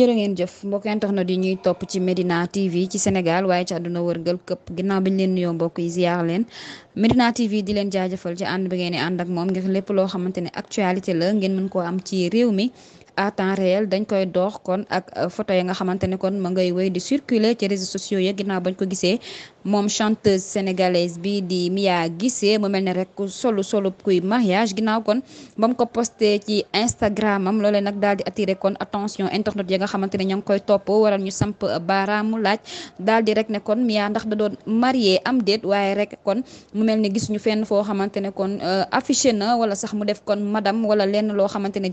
jërë ngeen jëf mbokk na di ñuy topp ci Medina TV ci Sénégal waaye ci àdduna wërngal këpp ginnaaw bi leen nuyoo mbokk yi ziar leen Medina TV di leen jaajëfal ci ànd bi ngeen di ànd ak moom ngir lépp loo xamante ne actualité la ngeen mën koo am ci réew mi. à temps réel dañ koy doox kon ak euh, photo ya nga xamante ne kon ma ngay wéy di circuler ci réseaux sociaux ya ginnaaw bañ ko gisee moom chanteuse sénégalaise bi di Mia Guissé mu mel ne rek solu solu kuy mariage ginnaaw kon ma mu ko posté ci Instagram am loolee nag daal di attiré kon attention internet ya nga xamante ne ña ngi koy topp waral ñu samp baaraamu laaj daal di rek ne kon Mia ndax da doon marié am déet waaye rek kon mu mel ne ñu fenn foo xamante ne kon euh, affiché na wala sax mu def kon madame wala loo xamante ne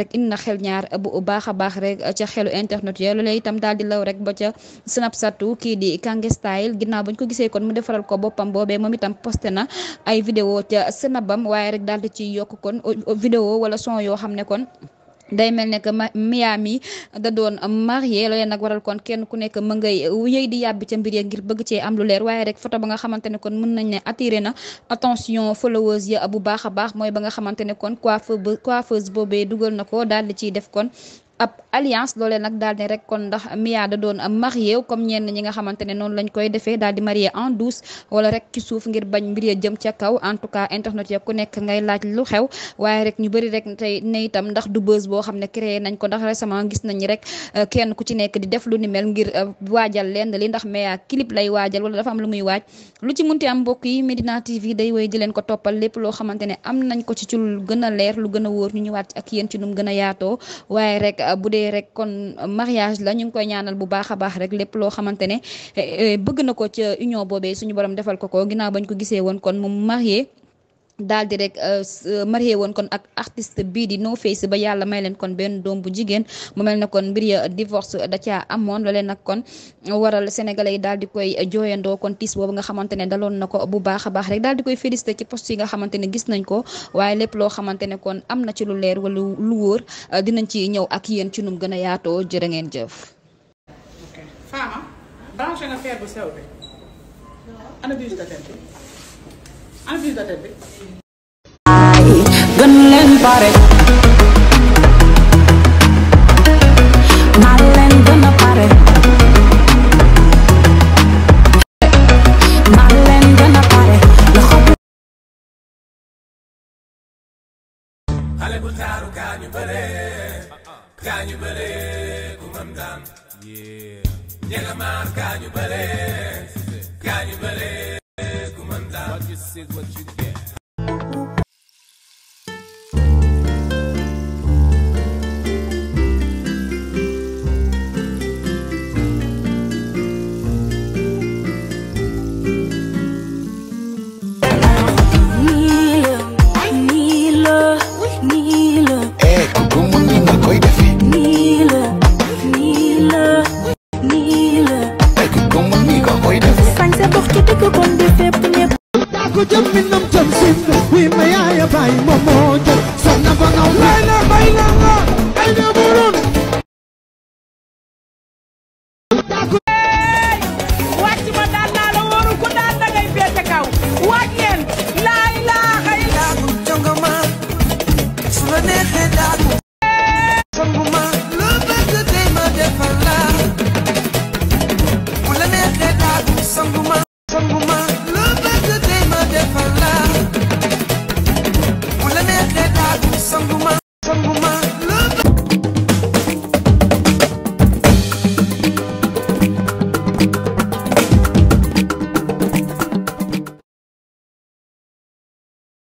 rek indi na xel ñaar bu baax a baax rek ca xelu internet ya loolee itam daal di law rek ba ca snapsatu kii di Kange Style ginnaaw bañ ko gisee kon mu defaral ko boppam be moom itam posté na ay vidéo ca snapam waaye rek daal di ci yokk kon vidéo wala son yoo xam ne kon day mel ne que Miami da doon marié leen nag waral kon kenn ku nekk mën ngay yëy di yàbbi ca mbir ngir bëgg cee am lu leer waaye rek photo ba nga xamante ne kon mën nañ ne attiré na attention followers ya bu baax a baax mooy ba nga xamante ne kon coiffeuse coiffeuse boobee dugal na ko daal di ciy def kon ab alliance loolee nag daal ne rek kon ndax Mia da doon marié comme ñenn ñi nga xamante ne noonu lañ koy defee daal di marié en douce wala rek ci suuf ngir bañ mbir ya jëm ca kaw en tout cas internet ya ku nekk ngay laaj lu xew waaye rek ñu bëri rek tey ne itam ndax du buzz boo xam ne créé nañ ko ndax récemment gis nañ rek euh, kenn ku ci nekk di def lu ni mel ngir euh, waajal lenn li ndax Mia clip lay waajal wala dafa am lu muy waaj lu ci mun munti am mbokk yi Medina TV day wéy di leen ko toppal lépp loo xamante ne am nañ ko ci ci gën a leer lu gën a wóor ñu ñëwaat ak yéen ci num gën a yaatoo loolee rek kon mariage la ñu ngi koy ñaanal bu baax a baax rek lép loo xamante ne eh, eh, bëgg na ko ca union boobee suñu borom defal ko ko ginnaaw bañ ko gisee woon kon mu marié daal di rek euh, euh, marié woon kon ak artist bii di No Face ba yàlla may leen kon benn doom bu jigéen mu mel ne kon mbir ya divorce da caa amoon loolee nag kon waral sénégalais yi daal di koy jooyandoo kon tiis boobu nga xamante ne daloon na ko bu baax a baax rek daal di koy félicité ci post yi nga xamante ne gis nañ ko waaye lépp loo xamante ne kon am na ci lu leer wala lu wóor euh, dinañ ci ñëw ak yéen ci num gën a yaatoo jërë ngeen jëf. envie de bi. gën leen pare. maa leen gën a pare. maa leen gën a pare. xale bu taaru kaa ñu bëree. kaa ñu bëree ku mën daan. ña nga maar kaa ñu bëree. kaa ñu bëree. is what you do. ko jëm mi nam jëm sin wi ma yaaya baay momo